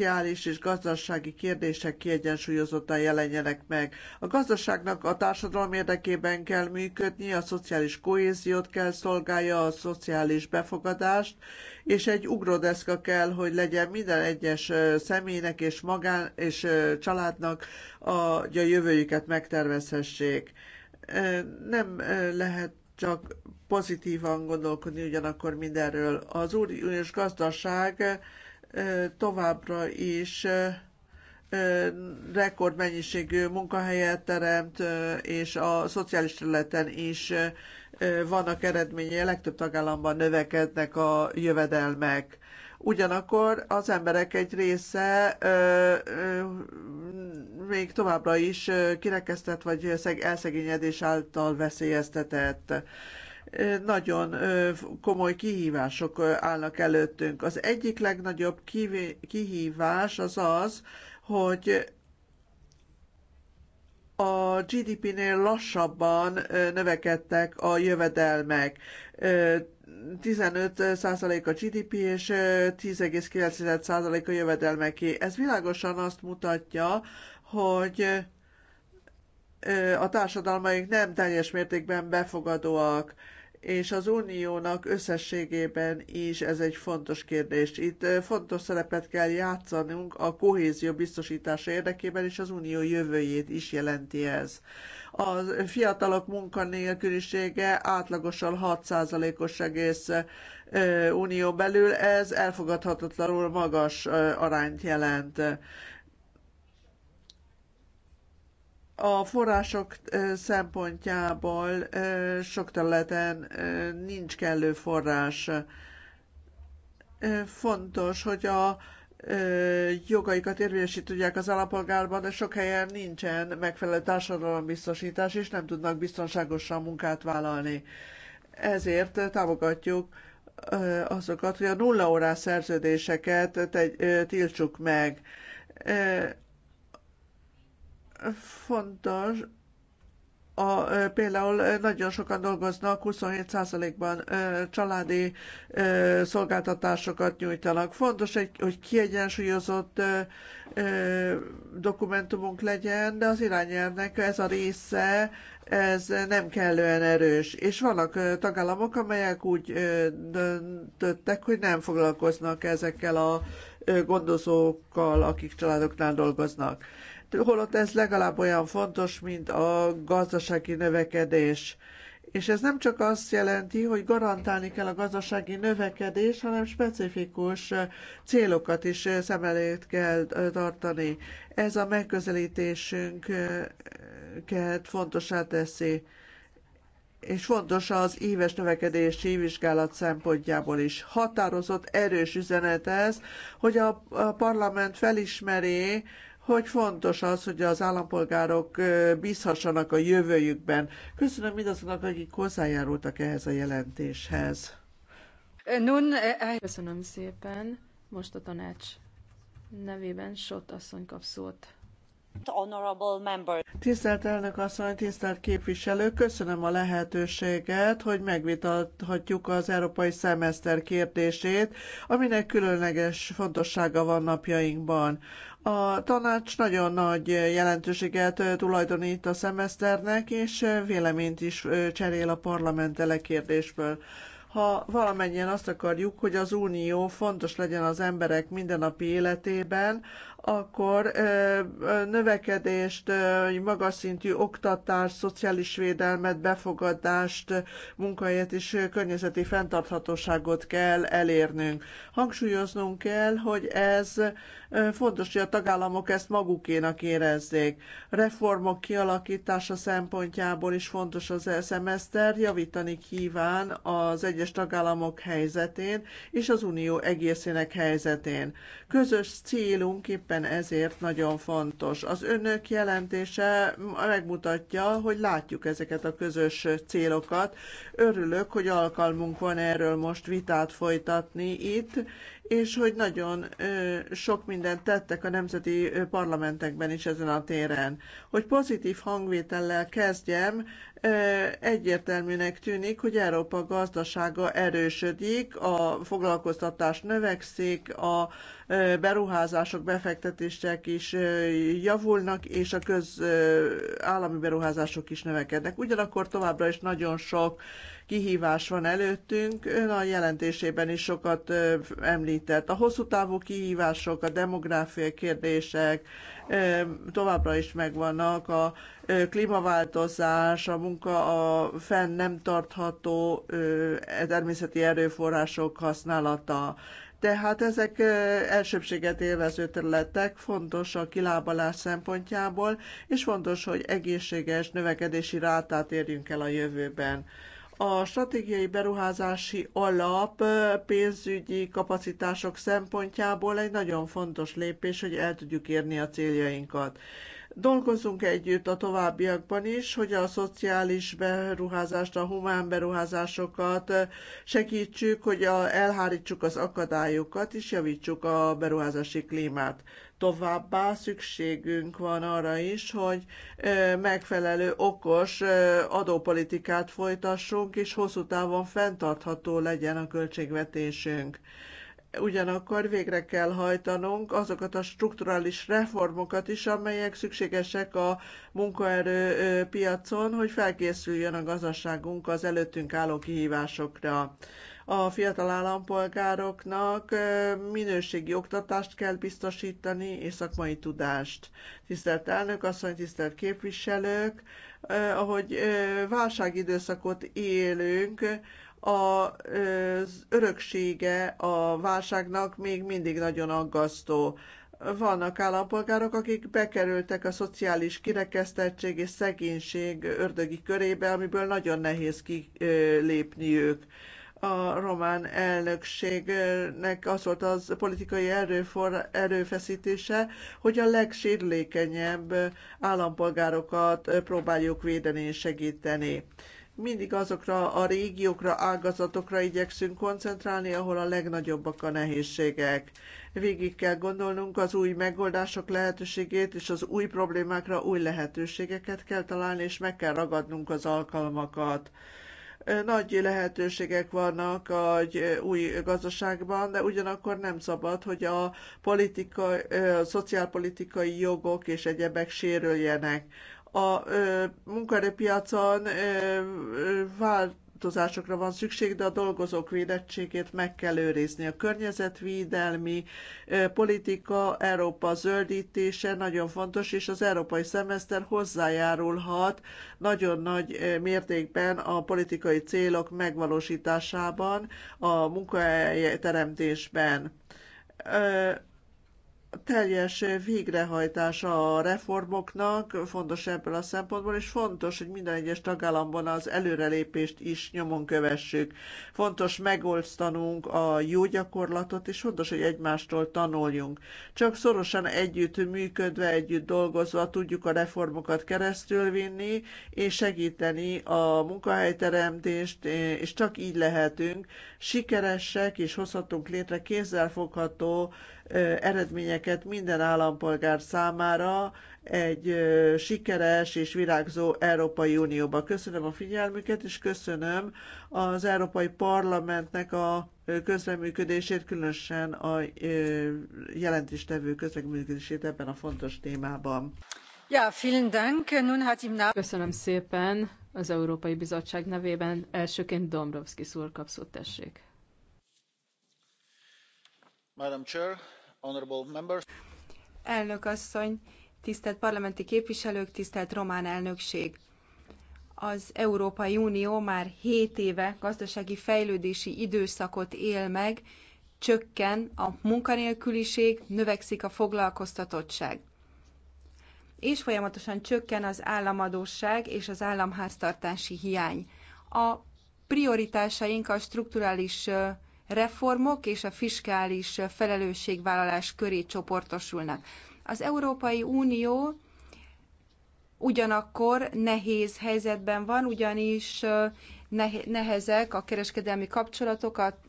szociális és gazdasági kérdések kiegyensúlyozottan jelenjenek meg. A gazdaságnak a társadalom érdekében kell működni, a szociális kohéziót kell szolgálja, a szociális befogadást, és egy ugródeszka kell, hogy legyen minden egyes személynek és magán és családnak, a, hogy a jövőjüket megtervezhessék. Nem lehet csak pozitívan gondolkodni ugyanakkor mindenről. Az uniós gazdaság továbbra is rekordmennyiségű munkahelyet teremt, és a szociális területen is vannak eredményei, legtöbb tagállamban növekednek a jövedelmek. Ugyanakkor az emberek egy része ö, ö, még továbbra is kirekesztett vagy elszegényedés által veszélyeztetett nagyon komoly kihívások állnak előttünk. Az egyik legnagyobb kihívás az az, hogy a GDP-nél lassabban növekedtek a jövedelmek. 15% a GDP és 10,9% a jövedelmeké. Ez világosan azt mutatja, hogy a társadalmaink nem teljes mértékben befogadóak, és az uniónak összességében is ez egy fontos kérdés. Itt fontos szerepet kell játszanunk a kohézió biztosítása érdekében, és az unió jövőjét is jelenti ez. A fiatalok munkanélkülisége átlagosan 6%-os egész unió belül, ez elfogadhatatlanul magas arányt jelent a források szempontjából sok területen nincs kellő forrás. Fontos, hogy a jogaikat érvényesít tudják az állampolgárban, de sok helyen nincsen megfelelő társadalombiztosítás, és nem tudnak biztonságosan munkát vállalni. Ezért támogatjuk azokat, hogy a nulla órás szerződéseket tiltsuk meg fontos, a, például nagyon sokan dolgoznak, 27%-ban családi szolgáltatásokat nyújtanak. Fontos, hogy kiegyensúlyozott dokumentumunk legyen, de az irányelvnek ez a része ez nem kellően erős. És vannak tagállamok, amelyek úgy döntöttek, hogy nem foglalkoznak ezekkel a gondozókkal, akik családoknál dolgoznak holott ez legalább olyan fontos, mint a gazdasági növekedés. És ez nem csak azt jelenti, hogy garantálni kell a gazdasági növekedés, hanem specifikus célokat is szem előtt kell tartani. Ez a megközelítésünket fontosá teszi, és fontos az éves növekedési vizsgálat szempontjából is. Határozott, erős üzenet ez, hogy a parlament felismeri, hogy fontos az, hogy az állampolgárok bízhassanak a jövőjükben. Köszönöm mindazoknak, akik hozzájárultak ehhez a jelentéshez. Nun, Köszönöm szépen. Most a tanács nevében Sot asszony kap szót. Tisztelt elnök asszony, tisztelt képviselő, köszönöm a lehetőséget, hogy megvitathatjuk az európai szemeszter kérdését, aminek különleges fontossága van napjainkban. A tanács nagyon nagy jelentőséget tulajdonít a szemeszternek, és véleményt is cserél a parlamentele kérdésből ha valamennyien azt akarjuk, hogy az unió fontos legyen az emberek mindennapi életében, akkor növekedést, magas szintű oktatást, szociális védelmet, befogadást, munkahelyet és környezeti fenntarthatóságot kell elérnünk. Hangsúlyoznunk kell, hogy ez fontos, hogy a tagállamok ezt magukénak érezzék. Reformok kialakítása szempontjából is fontos az szemeszter, javítani kíván az egyes tagállamok helyzetén és az unió egészének helyzetén. Közös célunk éppen éppen ezért nagyon fontos. Az önök jelentése megmutatja, hogy látjuk ezeket a közös célokat. Örülök, hogy alkalmunk van erről most vitát folytatni itt, és hogy nagyon sok mindent tettek a nemzeti parlamentekben is ezen a téren. Hogy pozitív hangvétellel kezdjem, egyértelműnek tűnik, hogy Európa gazdasága erősödik, a foglalkoztatás növekszik, a beruházások, befektetések is javulnak, és a közállami beruházások is növekednek. Ugyanakkor továbbra is nagyon sok kihívás van előttünk. Ön a jelentésében is sokat említett. A hosszú távú kihívások, a demográfiai kérdések továbbra is megvannak, a klímaváltozás, a munka, a fenn nem tartható e természeti erőforrások használata. Tehát ezek elsőbséget élvező területek, fontos a kilábalás szempontjából, és fontos, hogy egészséges növekedési rátát érjünk el a jövőben a stratégiai beruházási alap pénzügyi kapacitások szempontjából egy nagyon fontos lépés, hogy el tudjuk érni a céljainkat. Dolgozzunk együtt a továbbiakban is, hogy a szociális beruházást, a humán beruházásokat segítsük, hogy elhárítsuk az akadályokat és javítsuk a beruházási klímát. Továbbá szükségünk van arra is, hogy megfelelő okos adópolitikát folytassunk, és hosszú távon fenntartható legyen a költségvetésünk. Ugyanakkor végre kell hajtanunk azokat a strukturális reformokat is, amelyek szükségesek a munkaerő piacon, hogy felkészüljön a gazdaságunk az előttünk álló kihívásokra a fiatal állampolgároknak minőségi oktatást kell biztosítani és szakmai tudást. Tisztelt elnök asszony, tisztelt képviselők, ahogy válságidőszakot élünk, az öröksége a válságnak még mindig nagyon aggasztó vannak állampolgárok, akik bekerültek a szociális kirekesztettség és szegénység ördögi körébe, amiből nagyon nehéz kilépniük a román elnökségnek az volt az politikai erőfor, erőfeszítése, hogy a legsérülékenyebb állampolgárokat próbáljuk védeni és segíteni. Mindig azokra a régiókra, ágazatokra igyekszünk koncentrálni, ahol a legnagyobbak a nehézségek. Végig kell gondolnunk az új megoldások lehetőségét, és az új problémákra új lehetőségeket kell találni, és meg kell ragadnunk az alkalmakat nagy lehetőségek vannak egy új gazdaságban, de ugyanakkor nem szabad, hogy a, politika, a szociálpolitikai jogok és egyebek sérüljenek a munkaerőpiacon vált változásokra van szükség, de a dolgozók védettségét meg kell őrizni. A környezetvédelmi politika, Európa zöldítése nagyon fontos, és az európai szemeszter hozzájárulhat nagyon nagy mértékben a politikai célok megvalósításában, a munkahelyteremtésben teljes végrehajtása a reformoknak fontos ebből a szempontból, és fontos, hogy minden egyes tagállamban az előrelépést is nyomon kövessük. Fontos megosztanunk a jó gyakorlatot, és fontos, hogy egymástól tanuljunk. Csak szorosan együtt működve, együtt dolgozva tudjuk a reformokat keresztül vinni, és segíteni a munkahelyteremtést, és csak így lehetünk sikeresek, és hozhatunk létre kézzelfogható eredményeket minden állampolgár számára egy sikeres és virágzó Európai Unióba. Köszönöm a figyelmüket, és köszönöm az Európai Parlamentnek a közreműködését, különösen a jelentéstevő közreműködését ebben a fontos témában. Ja, vielen Dank. Nun hat im Köszönöm szépen az Európai Bizottság nevében. Elsőként Dombrovskis úr kapszott tessék. Madam Chair, Elnök asszony, tisztelt parlamenti képviselők, tisztelt román elnökség! Az Európai Unió már 7 éve gazdasági fejlődési időszakot él meg, csökken a munkanélküliség, növekszik a foglalkoztatottság. És folyamatosan csökken az államadósság és az államháztartási hiány. A prioritásaink a strukturális reformok és a fiskális felelősségvállalás köré csoportosulnak. Az Európai Unió ugyanakkor nehéz helyzetben van, ugyanis nehezek a kereskedelmi kapcsolatok a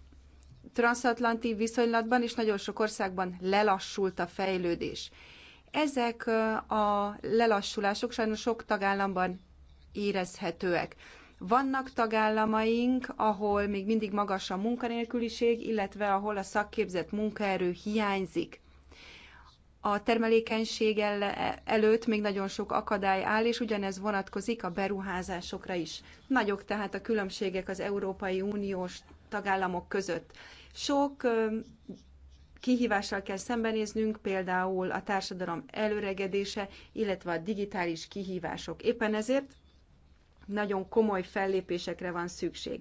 transatlanti viszonylatban, és nagyon sok országban lelassult a fejlődés. Ezek a lelassulások sajnos sok tagállamban érezhetőek. Vannak tagállamaink, ahol még mindig magas a munkanélküliség, illetve ahol a szakképzett munkaerő hiányzik a termelékenység előtt még nagyon sok akadály áll, és ugyanez vonatkozik a beruházásokra is. Nagyok tehát a különbségek az Európai Uniós tagállamok között. Sok kihívással kell szembenéznünk, például a társadalom előregedése, illetve a digitális kihívások. Éppen ezért nagyon komoly fellépésekre van szükség.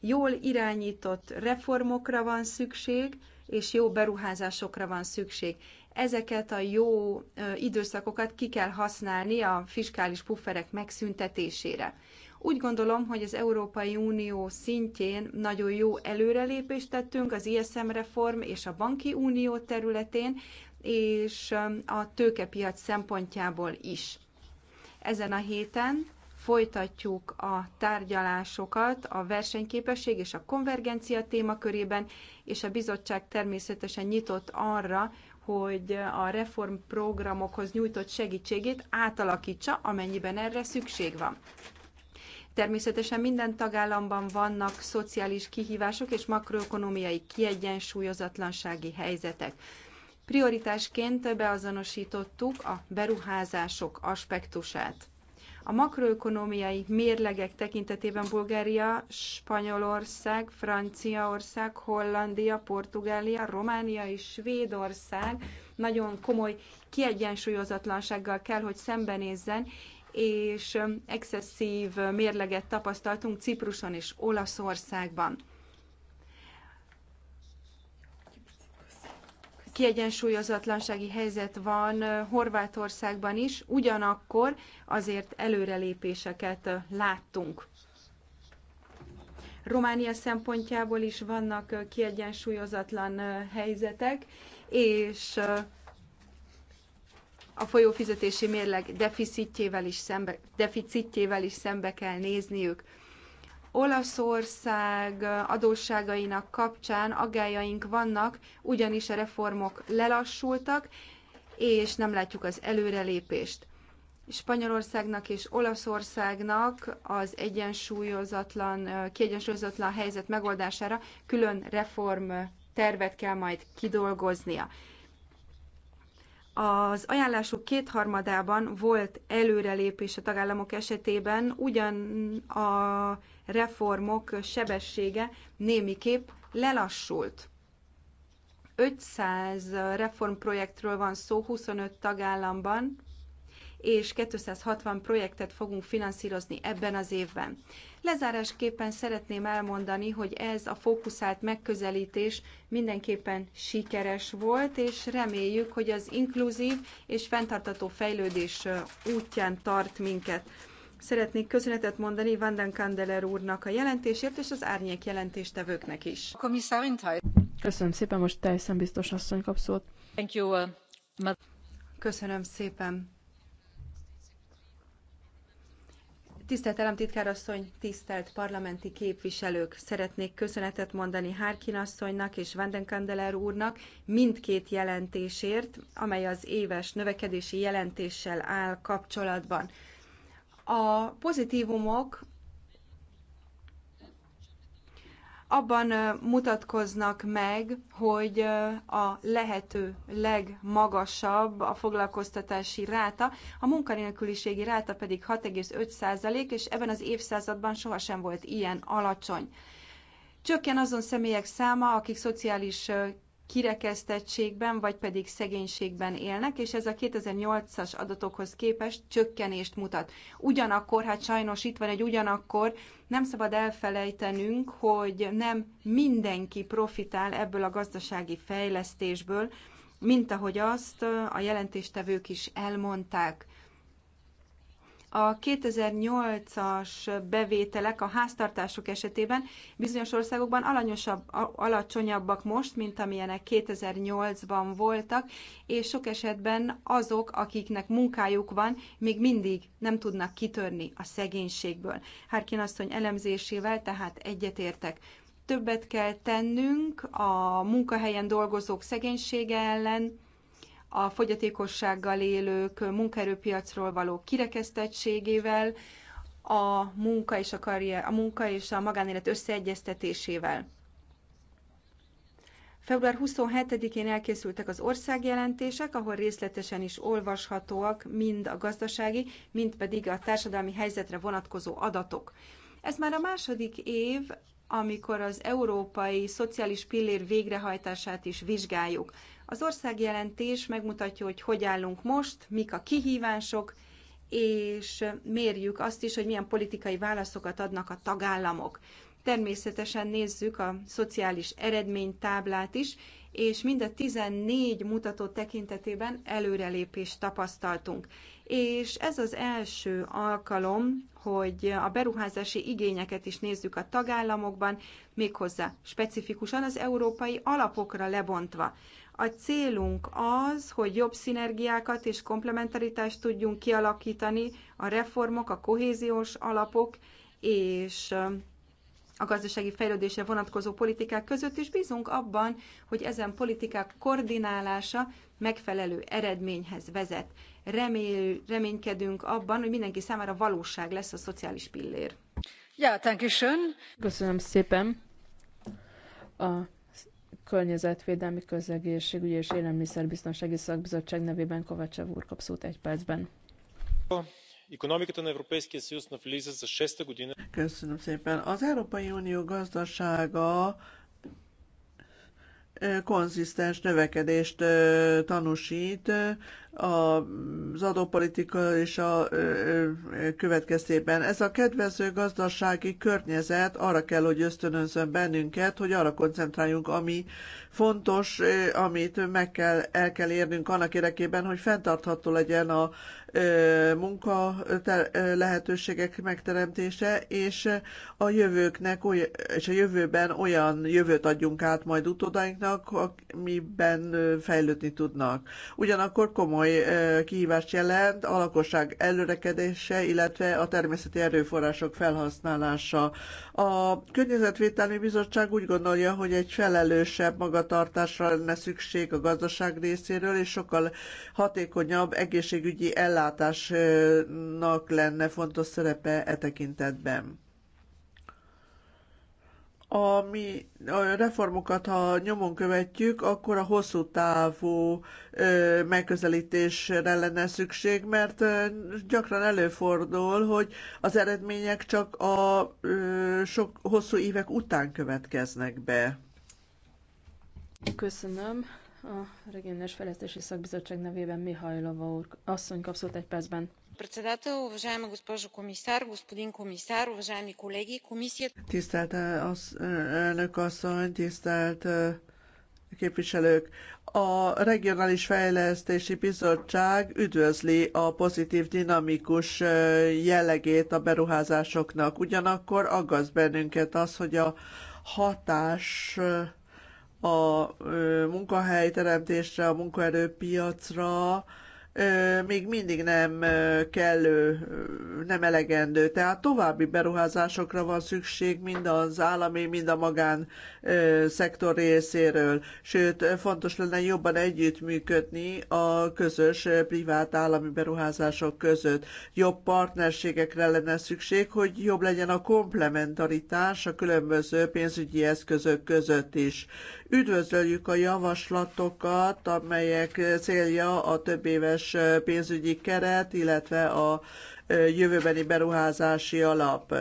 Jól irányított reformokra van szükség, és jó beruházásokra van szükség. Ezeket a jó időszakokat ki kell használni a fiskális pufferek megszüntetésére. Úgy gondolom, hogy az Európai Unió szintjén nagyon jó előrelépést tettünk az ISM reform és a banki unió területén, és a tőkepiac szempontjából is. Ezen a héten folytatjuk a tárgyalásokat a versenyképesség és a konvergencia témakörében, és a bizottság természetesen nyitott arra, hogy a reformprogramokhoz nyújtott segítségét átalakítsa, amennyiben erre szükség van. Természetesen minden tagállamban vannak szociális kihívások és makroökonomiai kiegyensúlyozatlansági helyzetek. Prioritásként beazonosítottuk a beruházások aspektusát. A makroökonomiai mérlegek tekintetében Bulgária, Spanyolország, Franciaország, Hollandia, Portugália, Románia és Svédország nagyon komoly kiegyensúlyozatlansággal kell, hogy szembenézzen, és um, excesszív mérleget tapasztaltunk Cipruson és Olaszországban. kiegyensúlyozatlansági helyzet van Horvátországban is, ugyanakkor azért előrelépéseket láttunk. Románia szempontjából is vannak kiegyensúlyozatlan helyzetek, és a folyófizetési mérleg deficitjével is szembe, deficitjével is szembe kell nézniük. Olaszország adósságainak kapcsán aggájaink vannak, ugyanis a reformok lelassultak, és nem látjuk az előrelépést. Spanyolországnak és Olaszországnak az egyensúlyozatlan, kiegyensúlyozatlan helyzet megoldására külön reform tervet kell majd kidolgoznia. Az ajánlások kétharmadában volt előrelépés a tagállamok esetében, ugyan a reformok sebessége némiképp lelassult. 500 reformprojektről van szó 25 tagállamban, és 260 projektet fogunk finanszírozni ebben az évben. Lezárásképpen szeretném elmondani, hogy ez a fókuszált megközelítés mindenképpen sikeres volt, és reméljük, hogy az inkluzív és fenntartató fejlődés útján tart minket. Szeretnék köszönetet mondani Vanden Kandeler úrnak a jelentésért, és az árnyék jelentéstevőknek is. Köszönöm szépen, most teljesen biztos asszony kap szót. Thank you, uh, Köszönöm szépen. Tisztelt asszony, tisztelt parlamenti képviselők! Szeretnék köszönetet mondani Hárkin asszonynak és Vandenkandeler úrnak mindkét jelentésért, amely az éves növekedési jelentéssel áll kapcsolatban. A pozitívumok abban mutatkoznak meg, hogy a lehető legmagasabb a foglalkoztatási ráta, a munkanélküliségi ráta pedig 6,5 és ebben az évszázadban sohasem volt ilyen alacsony. Csökken azon személyek száma, akik szociális kirekesztettségben, vagy pedig szegénységben élnek, és ez a 2008-as adatokhoz képest csökkenést mutat. Ugyanakkor, hát sajnos itt van egy ugyanakkor, nem szabad elfelejtenünk, hogy nem mindenki profitál ebből a gazdasági fejlesztésből, mint ahogy azt a jelentéstevők is elmondták. A 2008-as bevételek a háztartások esetében bizonyos országokban alanyosabb, alacsonyabbak most, mint amilyenek 2008-ban voltak, és sok esetben azok, akiknek munkájuk van, még mindig nem tudnak kitörni a szegénységből. Harkin asszony elemzésével tehát egyetértek többet kell tennünk a munkahelyen dolgozók szegénysége ellen, a fogyatékossággal élők munkaerőpiacról való kirekesztettségével, a munka és a, karrier, a munka és a magánélet összeegyeztetésével. Február 27-én elkészültek az országjelentések, ahol részletesen is olvashatóak mind a gazdasági, mind pedig a társadalmi helyzetre vonatkozó adatok. Ez már a második év, amikor az európai szociális pillér végrehajtását is vizsgáljuk. Az országjelentés megmutatja, hogy hogy állunk most, mik a kihívások, és mérjük azt is, hogy milyen politikai válaszokat adnak a tagállamok. Természetesen nézzük a szociális eredménytáblát is, és mind a 14 mutató tekintetében előrelépést tapasztaltunk és ez az első alkalom, hogy a beruházási igényeket is nézzük a tagállamokban, méghozzá specifikusan az európai alapokra lebontva. A célunk az, hogy jobb szinergiákat és komplementaritást tudjunk kialakítani a reformok, a kohéziós alapok és um, a gazdasági fejlődésre vonatkozó politikák között, is bízunk abban, hogy ezen politikák koordinálása megfelelő eredményhez vezet remél, reménykedünk abban, hogy mindenki számára valóság lesz a szociális pillér. Ja, Köszönöm szépen. A Környezetvédelmi Közegészségügyi és Élelmiszerbiztonsági Szakbizottság nevében Kovacsev úr kap szót egy percben. Köszönöm szépen. Az Európai Unió gazdasága konzisztens növekedést tanúsít az adópolitika és a következtében. Ez a kedvező gazdasági környezet arra kell, hogy ösztönözzön bennünket, hogy arra koncentráljunk, ami fontos, amit meg kell, el kell érnünk annak érdekében, hogy fenntartható legyen a munka lehetőségek megteremtése, és a jövőknek és a jövőben olyan jövőt adjunk át majd utódainknak, amiben fejlődni tudnak. Ugyanakkor komoly kihívást jelent a lakosság előrekedése, illetve a természeti erőforrások felhasználása. A Környezetvédelmi Bizottság úgy gondolja, hogy egy felelősebb magatartásra lenne szükség a gazdaság részéről, és sokkal hatékonyabb egészségügyi ellátásra ellátásnak lenne fontos szerepe e tekintetben. A mi reformokat, ha nyomon követjük, akkor a hosszú távú megközelítésre lenne szükség, mert gyakran előfordul, hogy az eredmények csak a sok hosszú évek után következnek be. Köszönöm. A Regionális Fejlesztési Szakbizottság nevében Mihajlova úr asszony kap szót egy percben. Tisztelt az, э, э, elnök asszony, tisztelt э, képviselők! A Regionális Fejlesztési Bizottság üdvözli a pozitív dinamikus jellegét a beruházásoknak. Ugyanakkor aggaszt bennünket az, hogy a hatás a munkahelyteremtésre, a munkaerőpiacra, még mindig nem kellő, nem elegendő. Tehát további beruházásokra van szükség mind az állami, mind a magán szektor részéről. Sőt, fontos lenne jobban együttműködni a közös privát állami beruházások között. Jobb partnerségekre lenne szükség, hogy jobb legyen a komplementaritás a különböző pénzügyi eszközök között is. Üdvözöljük a javaslatokat, amelyek célja a több éves éves pénzügyi keret, illetve a jövőbeni beruházási alap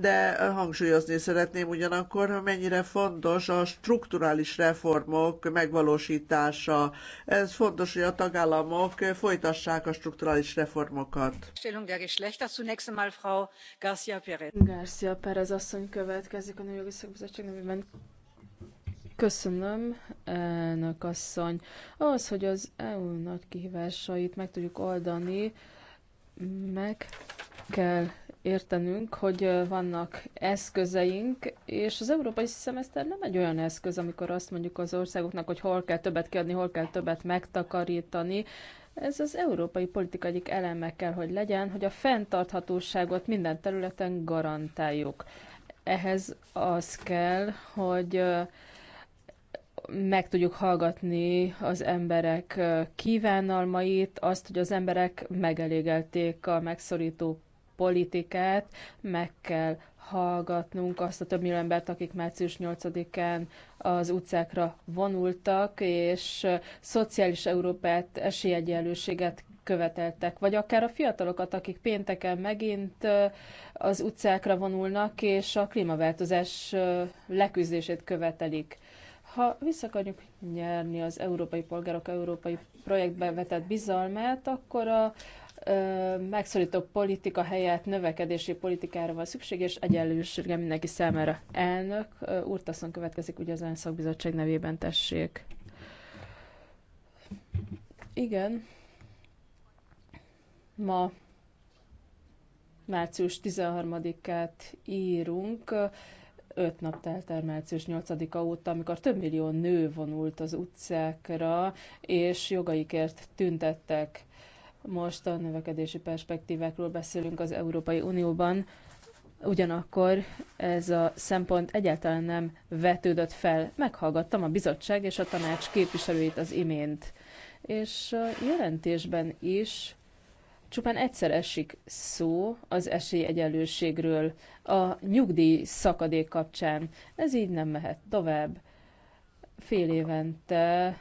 de hangsúlyozni szeretném ugyanakkor, mennyire fontos a strukturális reformok megvalósítása. Ez fontos, hogy a tagállamok folytassák a strukturális reformokat. Stellung der Frau Garcia Perez. Garcia Perez asszony következik a Nőjogi Szakbizottság nevében. Köszönöm, elnök asszony. Az, hogy az EU nagy kihívásait meg tudjuk oldani, meg kell értenünk, hogy vannak eszközeink, és az európai szemeszter nem egy olyan eszköz, amikor azt mondjuk az országoknak, hogy hol kell többet kiadni, hol kell többet megtakarítani. Ez az európai politika egyik eleme kell, hogy legyen, hogy a fenntarthatóságot minden területen garantáljuk. Ehhez az kell, hogy meg tudjuk hallgatni az emberek kívánalmait, azt, hogy az emberek megelégelték a megszorító politikát, meg kell hallgatnunk azt a több millió embert, akik március 8-án az utcákra vonultak, és szociális Európát, esélyegyenlőséget követeltek, vagy akár a fiatalokat, akik pénteken megint az utcákra vonulnak, és a klímaváltozás leküzdését követelik. Ha vissza akarjuk nyerni az európai polgárok európai projektbe vetett bizalmát, akkor a megszorító politika helyett növekedési politikára van szükség, és egyenlőségre mindenki számára. Elnök Úrtaszon következik ugye az Önszakbizottság nevében, tessék. Igen. Ma március 13-át írunk öt nap telt el március 8-a óta, amikor több millió nő vonult az utcákra, és jogaikért tüntettek. Most a növekedési perspektívákról beszélünk az Európai Unióban, ugyanakkor ez a szempont egyáltalán nem vetődött fel. Meghallgattam a bizottság és a tanács képviselőit az imént. És a jelentésben is Csupán egyszer esik szó az esélyegyenlőségről a nyugdíj szakadék kapcsán. Ez így nem mehet tovább. Fél évente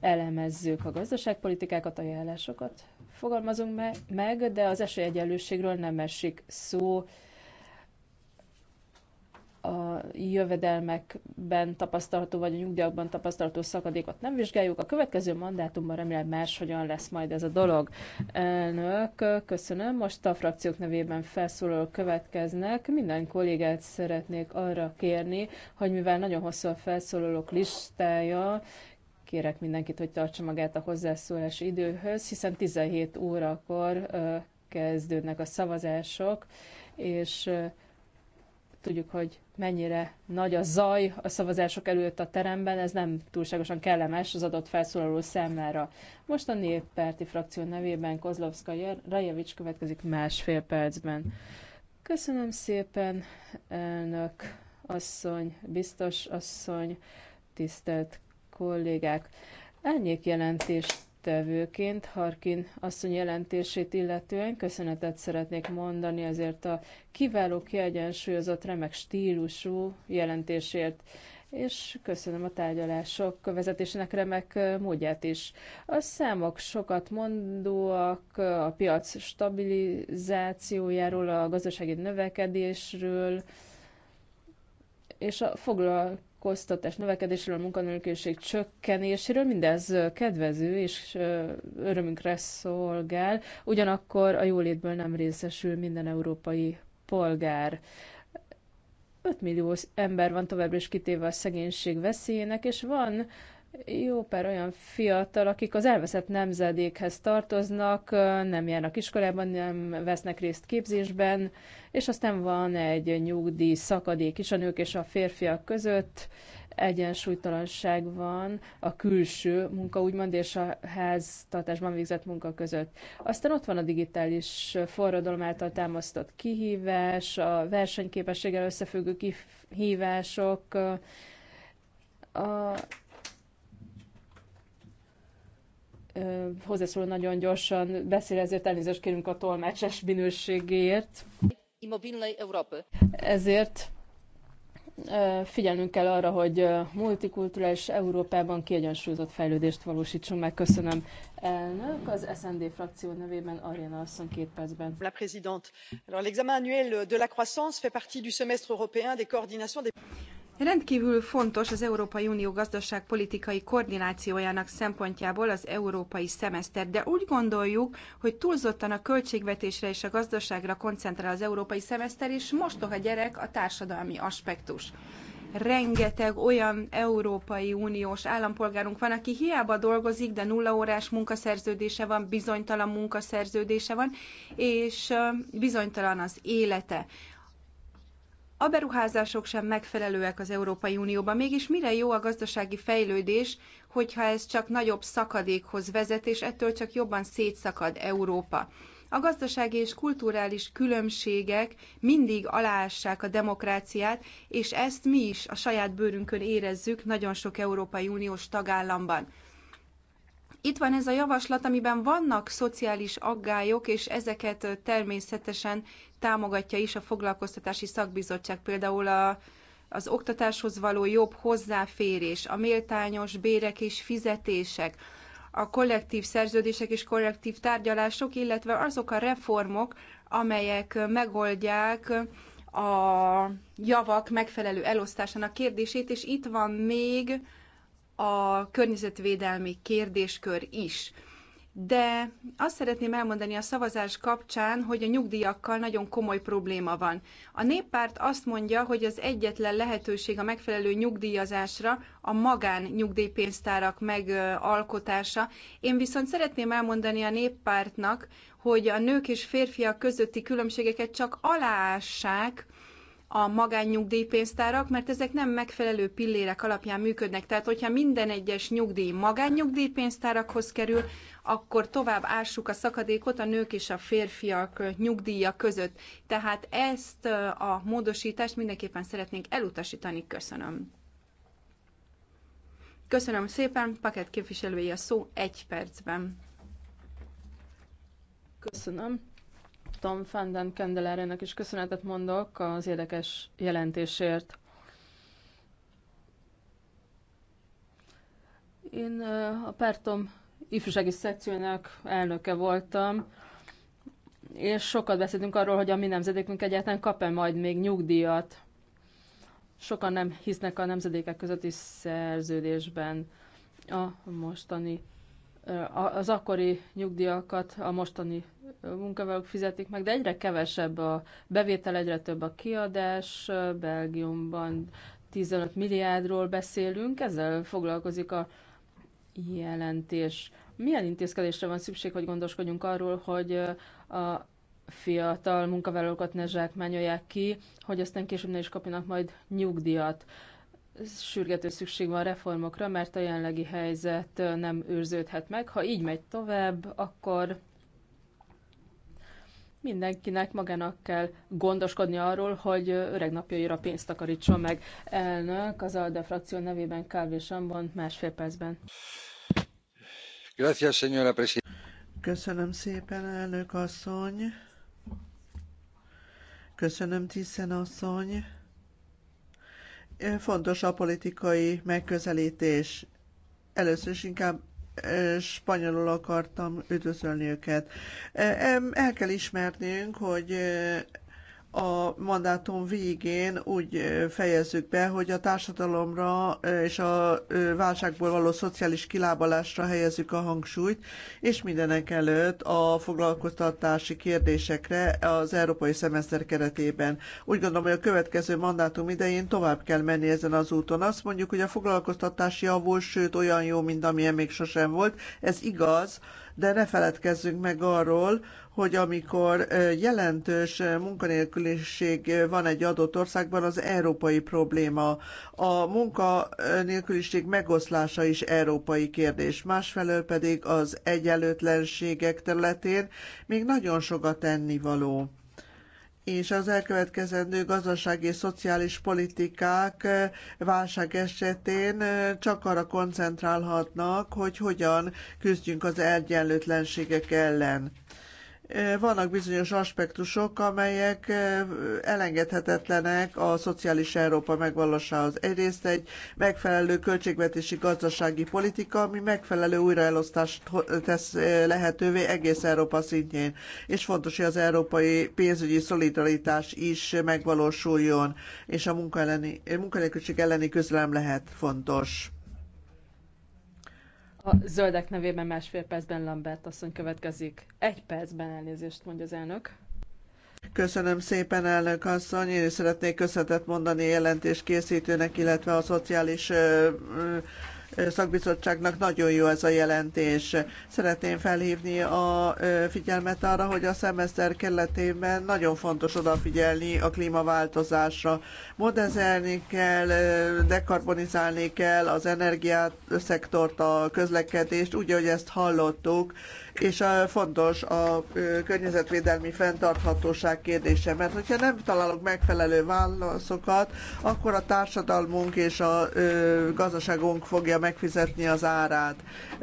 elemezzük a gazdaságpolitikákat, ajánlásokat fogalmazunk meg, de az esélyegyenlőségről nem esik szó a jövedelmekben tapasztalható, vagy a nyugdíjakban tapasztalható szakadékot nem vizsgáljuk. A következő mandátumban remélem máshogyan lesz majd ez a dolog. Elnök, köszönöm. Most a frakciók nevében felszólalók következnek. Minden kollégát szeretnék arra kérni, hogy mivel nagyon hosszú a felszólalók listája, kérek mindenkit, hogy tartsa magát a hozzászólás időhöz, hiszen 17 órakor kezdődnek a szavazások, és Tudjuk, hogy mennyire nagy a zaj a szavazások előtt a teremben, ez nem túlságosan kellemes az adott felszólaló számára. Most a néppárti frakció nevében Kozlovska Rajevics következik másfél percben. Köszönöm szépen, elnök asszony, biztos asszony, tisztelt kollégák. Ennyi jelentést jelentéstevőként Harkin asszony jelentését illetően köszönetet szeretnék mondani ezért a kiváló, kiegyensúlyozott, remek stílusú jelentésért és köszönöm a tárgyalások vezetésének remek módját is. A számok sokat mondóak, a piac stabilizációjáról, a gazdasági növekedésről, és a foglal foglalkoztatás növekedésről, a munkanélküliség csökkenéséről, mindez kedvező és örömünkre szolgál, ugyanakkor a jólétből nem részesül minden európai polgár. 5 millió ember van továbbra is kitéve a szegénység veszélyének, és van jó pár olyan fiatal, akik az elveszett nemzedékhez tartoznak, nem járnak iskolában, nem vesznek részt képzésben, és aztán van egy nyugdíj szakadék is a nők és a férfiak között, egyensúlytalanság van a külső munka, úgymond, és a háztartásban végzett munka között. Aztán ott van a digitális forradalom által támasztott kihívás, a versenyképességgel összefüggő kihívások, a ö, hozzászóló nagyon gyorsan beszél, ezért elnézést kérünk a tolmácsás minőségéért. Ezért figyelnünk kell arra, hogy multikulturális Európában kiegyensúlyozott fejlődést valósítsunk meg. Köszönöm elnök. Az SND frakció nevében Arjen Alszon két percben. La présidente. Alors l'examen annuel de la croissance fait partie du semestre européen des coordinations des Rendkívül fontos az Európai Unió gazdaságpolitikai koordinációjának szempontjából az európai szemeszter, de úgy gondoljuk, hogy túlzottan a költségvetésre és a gazdaságra koncentrál az európai szemeszter, és mostoha gyerek a társadalmi aspektus rengeteg olyan Európai Uniós állampolgárunk van, aki hiába dolgozik, de nulla órás munkaszerződése van, bizonytalan munkaszerződése van, és bizonytalan az élete. A beruházások sem megfelelőek az Európai Unióban. Mégis mire jó a gazdasági fejlődés, hogyha ez csak nagyobb szakadékhoz vezet, és ettől csak jobban szétszakad Európa? A gazdasági és kulturális különbségek mindig aláássák a demokráciát, és ezt mi is a saját bőrünkön érezzük nagyon sok Európai Uniós tagállamban. Itt van ez a javaslat, amiben vannak szociális aggályok, és ezeket természetesen támogatja is a foglalkoztatási szakbizottság, például a, az oktatáshoz való jobb hozzáférés, a méltányos bérek és fizetések, a kollektív szerződések és kollektív tárgyalások, illetve azok a reformok, amelyek megoldják a javak megfelelő elosztásának kérdését, és itt van még a környezetvédelmi kérdéskör is. De azt szeretném elmondani a szavazás kapcsán, hogy a nyugdíjakkal nagyon komoly probléma van. A néppárt azt mondja, hogy az egyetlen lehetőség a megfelelő nyugdíjazásra a magán nyugdíjpénztárak megalkotása. Én viszont szeretném elmondani a néppártnak, hogy a nők és férfiak közötti különbségeket csak aláássák, a magánnyugdíjpénztárak, mert ezek nem megfelelő pillérek alapján működnek. Tehát, hogyha minden egyes nyugdíj magánnyugdíjpénztárakhoz kerül, akkor tovább ássuk a szakadékot a nők és a férfiak nyugdíja között. Tehát ezt a módosítást mindenképpen szeretnénk elutasítani. Köszönöm. Köszönöm szépen, Paket képviselője a szó egy percben. Köszönöm. Tom Fanden Kendelárának is köszönetet mondok az érdekes jelentésért. Én a pártom ifjúsági szekciónak elnöke voltam, és sokat beszéltünk arról, hogy a mi nemzedékünk egyáltalán kap-e majd még nyugdíjat. Sokan nem hisznek a nemzedékek közötti szerződésben a mostani, az akkori nyugdíjakat a mostani munkavállalók fizetik meg, de egyre kevesebb a bevétel, egyre több a kiadás. Belgiumban 15 milliárdról beszélünk, ezzel foglalkozik a jelentés. Milyen intézkedésre van szükség, hogy gondoskodjunk arról, hogy a fiatal munkavállalókat ne zsákmányolják ki, hogy aztán később ne is kapjanak majd nyugdíjat. Sürgető szükség van reformokra, mert a jelenlegi helyzet nem őrződhet meg. Ha így megy tovább, akkor mindenkinek magának kell gondoskodni arról, hogy öreg napjaira pénzt takarítson meg. Elnök az ALDE frakció nevében Kávé van másfél percben. Gracias, señora Köszönöm szépen, elnök asszony. Köszönöm, Tiszen asszony. Fontos a politikai megközelítés. Először is inkább spanyolul akartam üdvözölni őket. El kell ismernünk, hogy a mandátum végén úgy fejezzük be, hogy a társadalomra és a válságból való szociális kilábalásra helyezzük a hangsúlyt, és mindenek előtt a foglalkoztatási kérdésekre az európai szemeszter keretében. Úgy gondolom, hogy a következő mandátum idején tovább kell menni ezen az úton. Azt mondjuk, hogy a foglalkoztatási javul, sőt olyan jó, mint amilyen még sosem volt. Ez igaz, de ne feledkezzünk meg arról, hogy amikor jelentős munkanélküliség van egy adott országban, az európai probléma. A munkanélküliség megoszlása is európai kérdés. Másfelől pedig az egyenlőtlenségek területén még nagyon sokat tennivaló és az elkövetkezendő gazdasági és szociális politikák eh, válság esetén eh, csak arra koncentrálhatnak, hogy hogyan küzdjünk az egyenlőtlenségek ellen vannak bizonyos aspektusok, amelyek elengedhetetlenek a szociális Európa megvallásához. Egyrészt egy megfelelő költségvetési gazdasági politika, ami megfelelő újraelosztást tesz lehetővé egész Európa szintjén. És fontos, hogy az európai pénzügyi szolidaritás is megvalósuljon, és a munkanélküliség elleni, elleni közlem lehet fontos. A zöldek nevében másfél percben Lambert asszony következik. Egy percben elnézést mondja az elnök. Köszönöm szépen, elnök asszony. Én is szeretnék köszönetet mondani készítőnek illetve a szociális ö, ö, szakbizottságnak nagyon jó ez a jelentés. Szeretném felhívni a figyelmet arra, hogy a szemeszter keretében nagyon fontos odafigyelni a klímaváltozásra. Modezelni kell, dekarbonizálni kell az energiát, a közlekedést, úgy, ahogy ezt hallottuk, és a, fontos a környezetvédelmi fenntarthatóság kérdése, mert hogyha nem találunk megfelelő válaszokat, akkor a társadalmunk és a gazdaságunk fogja megfizetni az árát.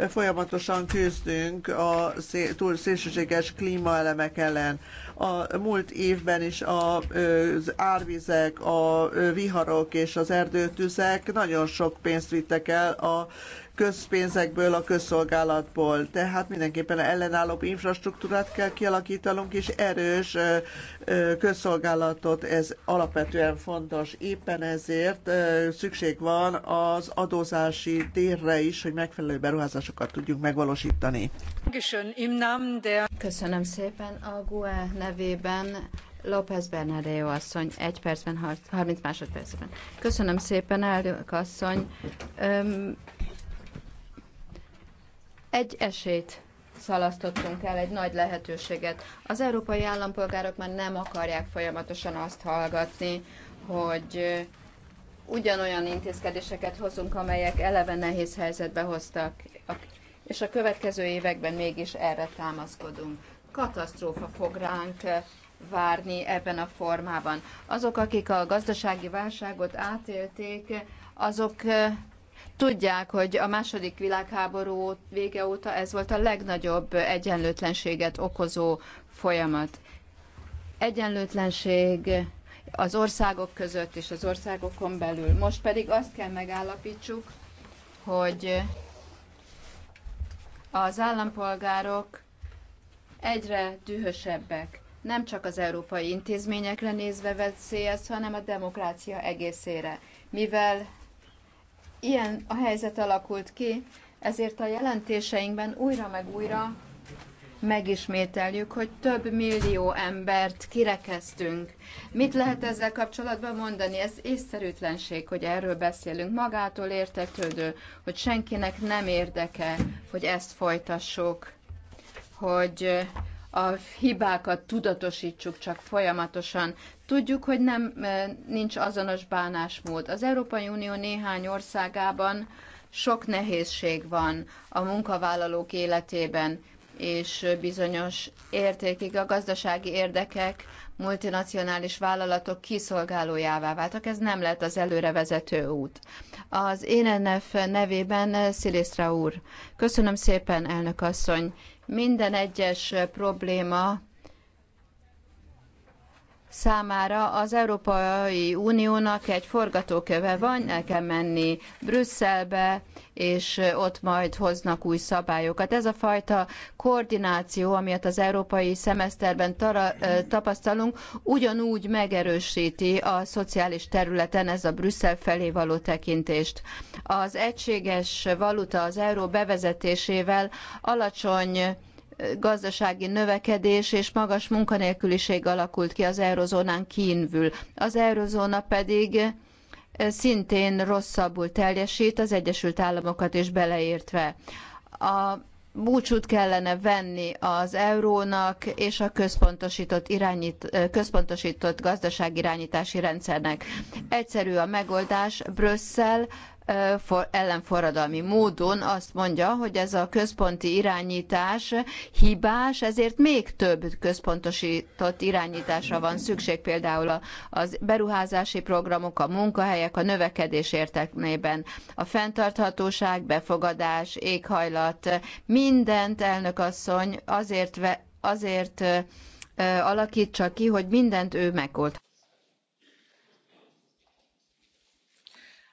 Folyamatosan küzdünk a túl szélsőséges klímaelemek ellen. A múlt évben is az árvizek, a viharok és az erdőtüzek nagyon sok pénzt vittek el a közpénzekből, a közszolgálatból. Tehát mindenképpen ellenálló infrastruktúrát kell kialakítanunk, és erős közszolgálatot, ez alapvetően fontos. Éppen ezért szükség van az adózási térre is, hogy megfelelő beruházásokat tudjunk megvalósítani. Köszönöm szépen a GUE nevében. López Bernadeo asszony, egy percben, 30 másodpercben. Köszönöm szépen, elnök asszony. Öm, egy esélyt szalasztottunk el, egy nagy lehetőséget. Az európai állampolgárok már nem akarják folyamatosan azt hallgatni, hogy ugyanolyan intézkedéseket hozunk, amelyek eleve nehéz helyzetbe hoztak, és a következő években mégis erre támaszkodunk. Katasztrófa fog ránk várni ebben a formában. Azok, akik a gazdasági válságot átélték, azok Tudják, hogy a második világháború vége óta ez volt a legnagyobb egyenlőtlenséget okozó folyamat. Egyenlőtlenség az országok között és az országokon belül. Most pedig azt kell megállapítsuk, hogy az állampolgárok egyre dühösebbek. Nem csak az európai intézményekre nézve veszély ez, hanem a demokrácia egészére. Mivel Ilyen a helyzet alakult ki, ezért a jelentéseinkben újra meg újra megismételjük, hogy több millió embert kirekeztünk. Mit lehet ezzel kapcsolatban mondani? Ez észszerűtlenség, hogy erről beszélünk. Magától értetődő, hogy senkinek nem érdeke, hogy ezt folytassuk, hogy a hibákat tudatosítsuk csak folyamatosan. Tudjuk, hogy nem e, nincs azonos bánásmód. Az Európai Unió néhány országában sok nehézség van a munkavállalók életében, és bizonyos értékig a gazdasági érdekek multinacionális vállalatok kiszolgálójává váltak. Ez nem lett az előrevezető út. Az ENF nevében Szilisztra úr. Köszönöm szépen, elnök asszony. Minden egyes probléma számára az Európai Uniónak egy forgatóköve van, el kell menni Brüsszelbe, és ott majd hoznak új szabályokat. Ez a fajta koordináció, amit az európai szemeszterben tapasztalunk, ugyanúgy megerősíti a szociális területen ez a Brüsszel felé való tekintést. Az egységes valuta az euró bevezetésével alacsony gazdasági növekedés és magas munkanélküliség alakult ki az eurozónán kívül. Az eurozóna pedig szintén rosszabbul teljest az Egyesült Államokat is beleértve. A búcsút kellene venni az eurónak és a központosított, irányít, központosított gazdaságirányítási rendszernek. Egyszerű a megoldás, Brüsszel ellenforradalmi módon azt mondja, hogy ez a központi irányítás hibás, ezért még több központosított irányításra van szükség, például az beruházási programok, a munkahelyek, a növekedés érteknében, a fenntarthatóság, befogadás, éghajlat, mindent elnök asszony azért, azért alakítsa ki, hogy mindent ő megold.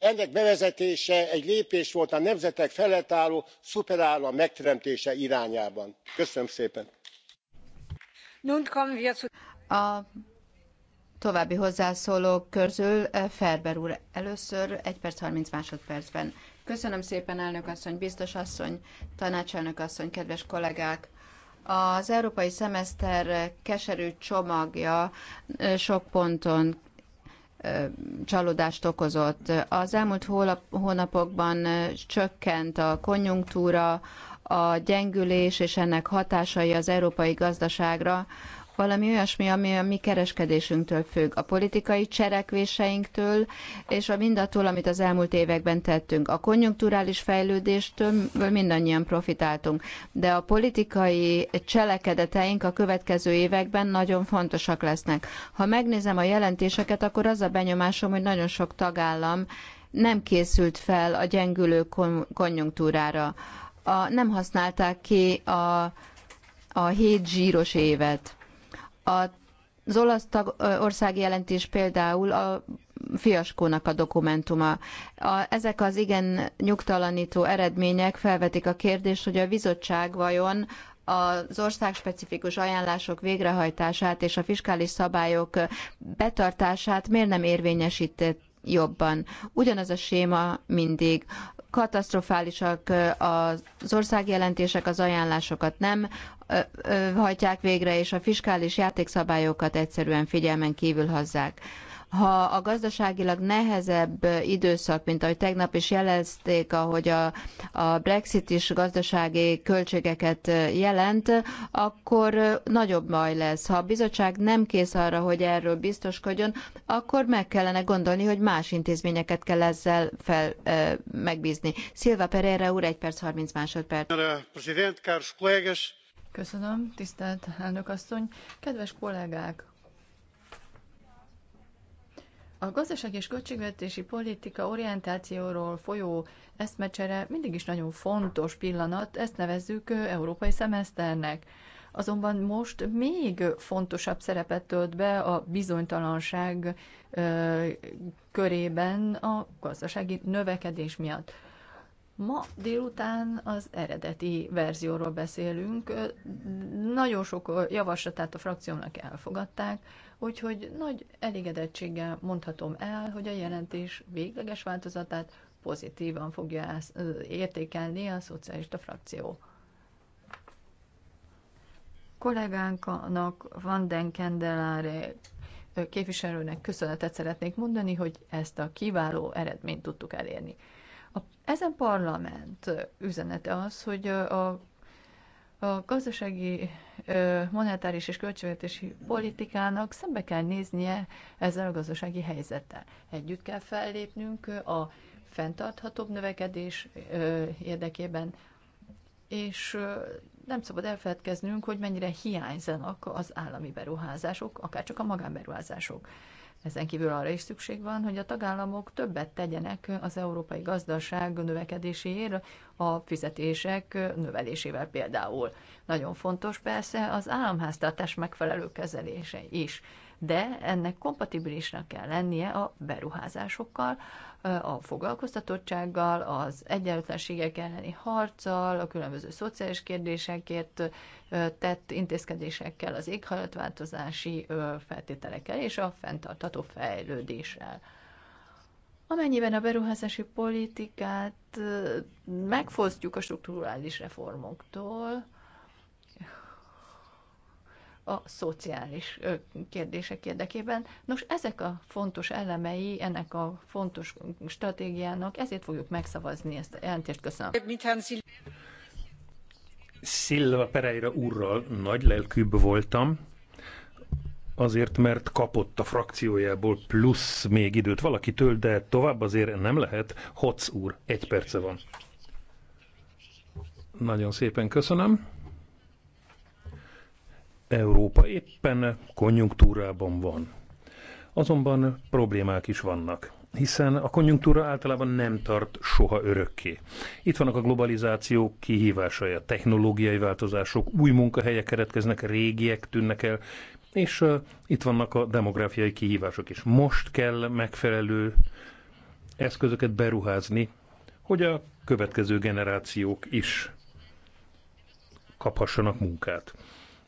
ennek bevezetése egy lépés volt a nemzetek felett álló szuperállam megteremtése irányába. köszönöm szépen! a további hozzászólók közül eh, ferber úr először egy perc thirty másodpercben. köszönöm szépen elnök asszony biztos asszony tanácselnök asszony kedves kollégák! az európai szemeszter keserű csomagja eh, sok ponton csalódást okozott. Az elmúlt hónapokban csökkent a konjunktúra, a gyengülés és ennek hatásai az európai gazdaságra, valami olyasmi, ami a mi kereskedésünktől függ, a politikai cselekvéseinktől, és a mindattól, amit az elmúlt években tettünk. A konjunkturális fejlődéstől mindannyian profitáltunk, de a politikai cselekedeteink a következő években nagyon fontosak lesznek. Ha megnézem a jelentéseket, akkor az a benyomásom, hogy nagyon sok tagállam nem készült fel a gyengülő konjunktúrára. A, nem használták ki a, a hét zsíros évet. Az olasz tag, országi jelentés például a fiaskónak a dokumentuma. A, ezek az igen nyugtalanító eredmények felvetik a kérdést, hogy a bizottság vajon az országspecifikus ajánlások végrehajtását és a fiskális szabályok betartását miért nem érvényesített jobban. Ugyanaz a séma mindig. Katasztrofálisak az országjelentések, az ajánlásokat nem hajtják végre, és a fiskális játékszabályokat egyszerűen figyelmen kívül hazzák ha a gazdaságilag nehezebb időszak, mint ahogy tegnap is jelezték, ahogy a, a Brexit is gazdasági költségeket jelent, akkor nagyobb baj lesz. Ha a bizottság nem kész arra, hogy erről biztoskodjon, akkor meg kellene gondolni, hogy más intézményeket kell ezzel fel, megbízni. Szilva Pereira úr, 1 perc 30 másodperc. Köszönöm, tisztelt elnök asszony. Kedves kollégák, a gazdaság és költségvetési politika orientációról folyó eszmecsere mindig is nagyon fontos pillanat, ezt nevezzük európai szemeszternek. Azonban most még fontosabb szerepet tölt be a bizonytalanság ö, körében a gazdasági növekedés miatt. Ma délután az eredeti verzióról beszélünk. Nagyon sok javaslatát a frakciónak elfogadták, úgyhogy nagy elégedettséggel mondhatom el, hogy a jelentés végleges változatát pozitívan fogja értékelni a szocialista frakció. Kollégánknak Van den Kendelare képviselőnek köszönetet szeretnék mondani, hogy ezt a kiváló eredményt tudtuk elérni. A, ezen parlament üzenete az, hogy a, a gazdasági, monetáris és költségvetési politikának szembe kell néznie ezzel a gazdasági helyzettel. Együtt kell fellépnünk a fenntarthatóbb növekedés érdekében, és nem szabad elfeledkeznünk, hogy mennyire hiányzanak az állami beruházások, akár csak a magánberuházások. Ezen kívül arra is szükség van, hogy a tagállamok többet tegyenek az európai gazdaság növekedéséért, a fizetések növelésével például. Nagyon fontos persze az államháztartás megfelelő kezelése is, de ennek kompatibilisnek kell lennie a beruházásokkal, a foglalkoztatottsággal, az egyenlőtlenségek elleni harccal, a különböző szociális kérdésekért tett intézkedésekkel, az éghajlatváltozási feltételekkel és a fenntartható fejlődéssel. Amennyiben a beruházási politikát megfosztjuk a strukturális reformoktól, a szociális kérdések érdekében. Nos, ezek a fontos elemei ennek a fontos stratégiának, ezért fogjuk megszavazni ezt a jelentést. Köszönöm. Szilva Pereira úrral nagy lelkűbb voltam, azért, mert kapott a frakciójából plusz még időt valakitől, de tovább azért nem lehet. Hoc úr, egy perce van. Nagyon szépen köszönöm. Európa éppen konjunktúrában van. Azonban problémák is vannak, hiszen a konjunktúra általában nem tart soha örökké. Itt vannak a globalizáció kihívásai, a technológiai változások, új munkahelyek keretkeznek, régiek tűnnek el, és itt vannak a demográfiai kihívások is. Most kell megfelelő eszközöket beruházni, hogy a következő generációk is kaphassanak munkát.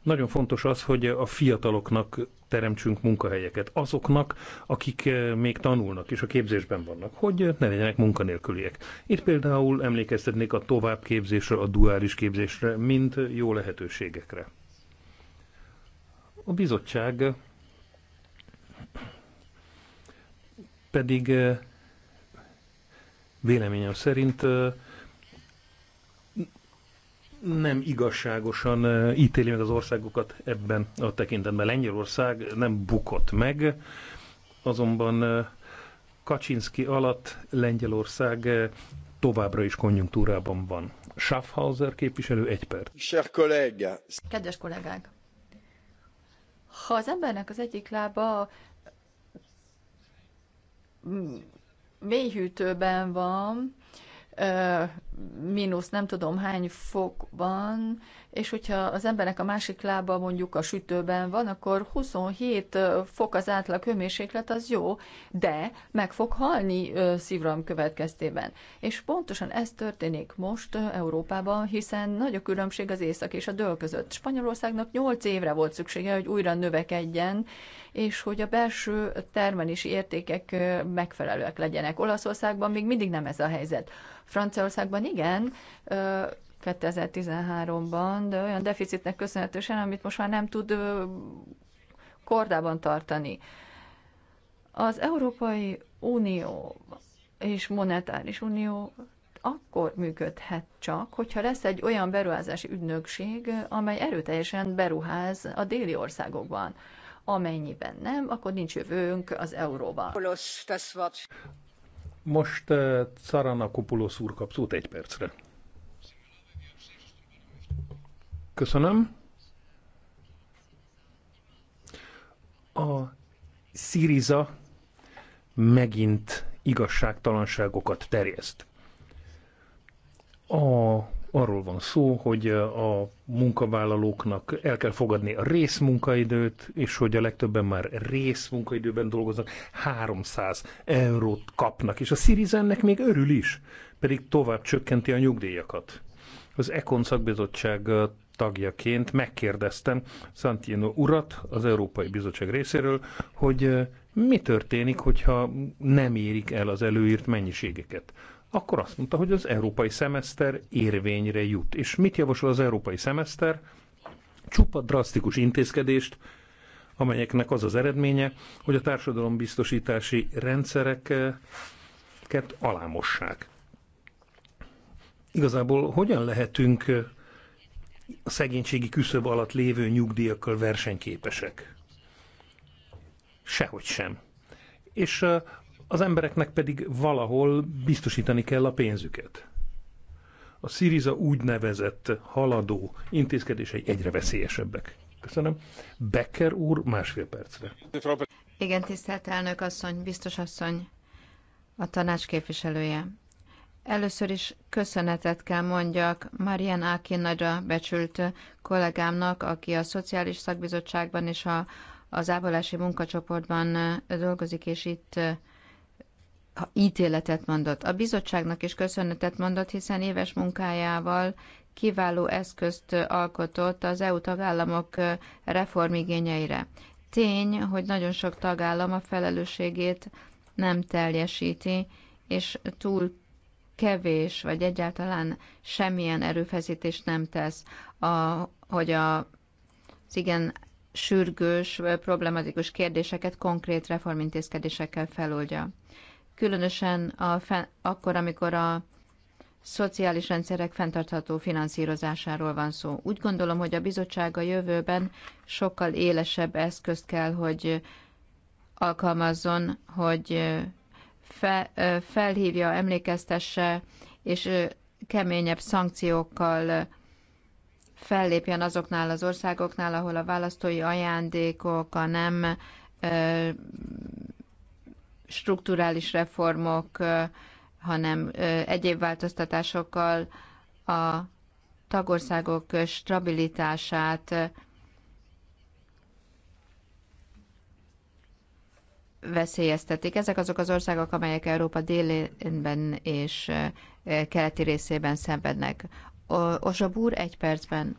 Nagyon fontos az, hogy a fiataloknak teremtsünk munkahelyeket. Azoknak, akik eh, még tanulnak és a képzésben vannak, hogy ne legyenek munkanélküliek. Itt például emlékeztetnék a továbbképzésre, a duális képzésre, mint jó lehetőségekre. A bizottság pedig eh, véleményem szerint eh, nem igazságosan eh, ítéli meg az országokat ebben a tekintetben. Lengyelország nem bukott meg, azonban eh, Kaczynski alatt Lengyelország eh, továbbra is konjunktúrában van. Schaffhauser képviselő egy perc. Kedves kollégák! Ha az embernek az egyik lába mélyhűtőben van, mínusz nem tudom hány fokban, és hogyha az embernek a másik lába mondjuk a sütőben van, akkor 27 fok az átlag hőmérséklet, az jó, de meg fog halni szívram következtében. És pontosan ez történik most Európában, hiszen nagy a különbség az észak és a dől között. Spanyolországnak 8 évre volt szüksége, hogy újra növekedjen, és hogy a belső termelési értékek megfelelőek legyenek. Olaszországban még mindig nem ez a helyzet. Franciaországban valóban igen, 2013-ban, de olyan deficitnek köszönhetősen, amit most már nem tud kordában tartani. Az Európai Unió és Monetáris Unió akkor működhet csak, hogyha lesz egy olyan beruházási ügynökség, amely erőteljesen beruház a déli országokban. Amennyiben nem, akkor nincs jövőnk az euróban. Most eh, Szarana Kupulosz úr kap szót egy percre. Köszönöm. A Siriza megint igazságtalanságokat terjeszt. A Arról van szó, hogy a munkavállalóknak el kell fogadni a részmunkaidőt, és hogy a legtöbben már részmunkaidőben dolgoznak, 300 eurót kapnak, és a Szirizennek még örül is, pedig tovább csökkenti a nyugdíjakat. Az Econ szakbizottság tagjaként megkérdeztem Santino urat az Európai Bizottság részéről, hogy mi történik, hogyha nem érik el az előírt mennyiségeket akkor azt mondta, hogy az európai szemeszter érvényre jut. És mit javasol az európai szemeszter? Csupa drasztikus intézkedést, amelyeknek az az eredménye, hogy a társadalombiztosítási rendszereket alámossák. Igazából hogyan lehetünk a szegénységi küszöb alatt lévő nyugdíjakkal versenyképesek? Sehogy sem. És az embereknek pedig valahol biztosítani kell a pénzüket. A Siriza úgynevezett haladó intézkedései egyre veszélyesebbek. Köszönöm. Becker úr, másfél percre. Igen, tisztelt elnök asszony, biztos asszony, a tanács képviselője. Először is köszönetet kell mondjak Marian Ákin nagyra becsült kollégámnak, aki a Szociális Szakbizottságban és a, az ápolási munkacsoportban dolgozik, és itt ítéletet mondott. A bizottságnak is köszönetet mondott, hiszen éves munkájával kiváló eszközt alkotott az EU tagállamok reformigényeire. Tény, hogy nagyon sok tagállam a felelősségét nem teljesíti, és túl kevés, vagy egyáltalán semmilyen erőfeszítést nem tesz, a, hogy a, az igen sürgős, problematikus kérdéseket konkrét reformintézkedésekkel feloldja különösen a, akkor, amikor a szociális rendszerek fenntartható finanszírozásáról van szó. Úgy gondolom, hogy a bizottság a jövőben sokkal élesebb eszközt kell, hogy alkalmazzon, hogy fe, felhívja, emlékeztesse, és keményebb szankciókkal fellépjen azoknál az országoknál, ahol a választói ajándékok, a nem strukturális reformok, hanem egyéb változtatásokkal a tagországok stabilitását veszélyeztetik. Ezek azok az országok, amelyek Európa délénben és keleti részében szenvednek. Osabúr egy percben.